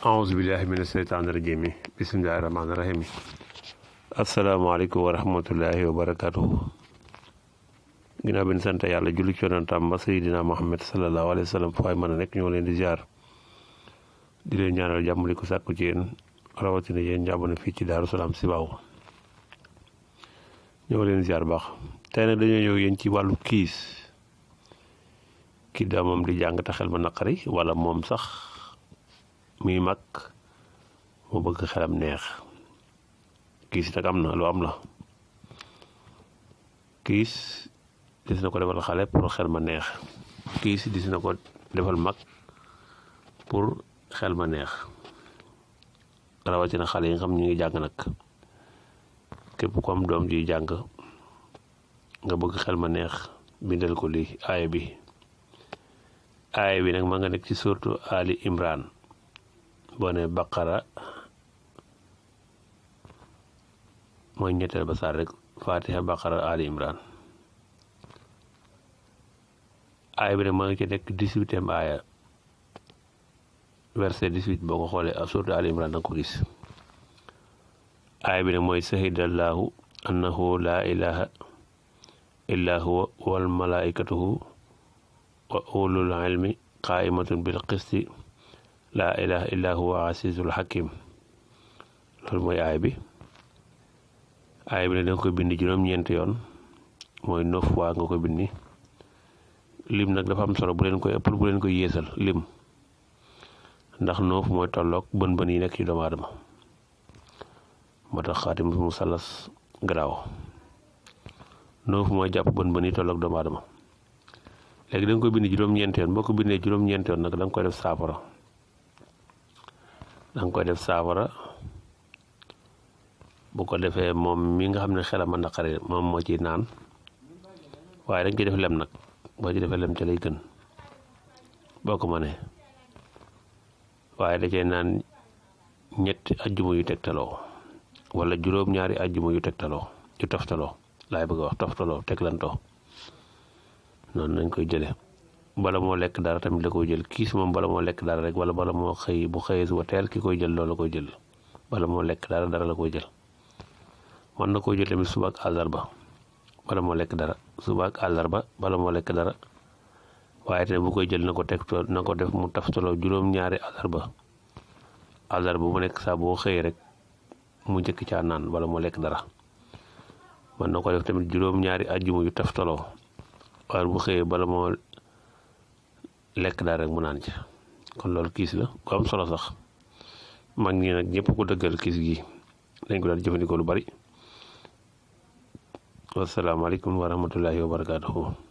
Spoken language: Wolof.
auzu billahi mina seytaani rajim yi bisimilahi rahmaani rahim asalaamaaleykum wa rahmatullahi wa barakatuhu bi ñu sant yàlla julli ci yonantam ba sayidina Muhammad sallallahu alayhi wa sallam faay mën a nekk ñoo leen di ziar di leen ñaanal jàmm di ko sàkku ci yéen rawatina yéen njàmbone fii ci Daaru Salaam Sibaaw ñoo leen ziar baax tey nag dañoo ñëw yéen ci wàllu kiis kii daa di jàng te xel ma naqari walla moom sax muy mag mu bëgg xelam neex kiis nag am na lu am la kiis dis na ko defal xale pour xel ma neex kiis dis na ko defal mag pour xel ma neex rawatina xale yi nga xam ñu ngi jàng nag képp ku am doom ji jàng nga bëgg xel ma neex bindal ko lii aaya bi aaya bi nag ma nga nekk ci surtu Ali Imran boo ne baqara mooy ñetteel ba saar rek fatiha baqara ali imran aaya bi ne moo ngi ci xoolee a suurat ali imran annahu laa ilaha illa wal malaikatuhu wa ulul ilmi qaimatun bil qisti laa ilaha illa huwa azizul hakim loolu mooy aay bi aay bi ne danga koy bind juróom-ñeenti yoon mooy neuf fois nga ko bindi lim nag dafa am solo bu leen koy ëppal bu leen koy yéesal lim ndax neuf mooy tollook bën-bën yi nekk ci moo tax xaatimatul musallas garaaw neuf mooy jàpp bën-bën yi tolloog doomu aadama léegi da nga koy bind juróom ñeent yoon boo ko bindee juróom-ñeenti yoon nag da nga koy def saafara danga koy def saafara bu ko defee moom mi nga xam ne xelam a naqari moom moo ciy naan waaye dañ koy def lem nag boo ci defee lem ca lay gën boo ko mënee waaye da cee naan ñetti ajjuma yu tegtaloo wala juróom-ñaari ajjuma yu tegtaloo yu toftaloo laay bëgg a wax toftaloo teglantoo noonu lañ koy jëlee. bala moo lekk dara tamit la koy jël kiis moom bala moo lekk dara rek wala bala moo xëy bu xëyee suba teel ki koy jël loolu la koy jël bala moo lekk dara dara la koy jël mën na koy jël tamit suba ak ba bala moo lekk dara suba ak àllarba bala moo lekk dara waaye te bu koy jël na ko teg na ko def mu taftaloo juróom-ñaari àllarba àllarba bu nekk saa boo xëyee rek mu njëkk caa naan bala moo lekk dara mën na ko def tamit juróom-ñaari àjjuma yu taftaloo waaye bu xëyee bala moo lekk daal rek mun naan ci kon loolu kiis la ku am solo sax mag ñi nag ñëpp ko dëggal kiis gi dañ ko daal jëfandikoo lu bari wasalaamaaleykum wa rahmatullahi wa barakaatuhu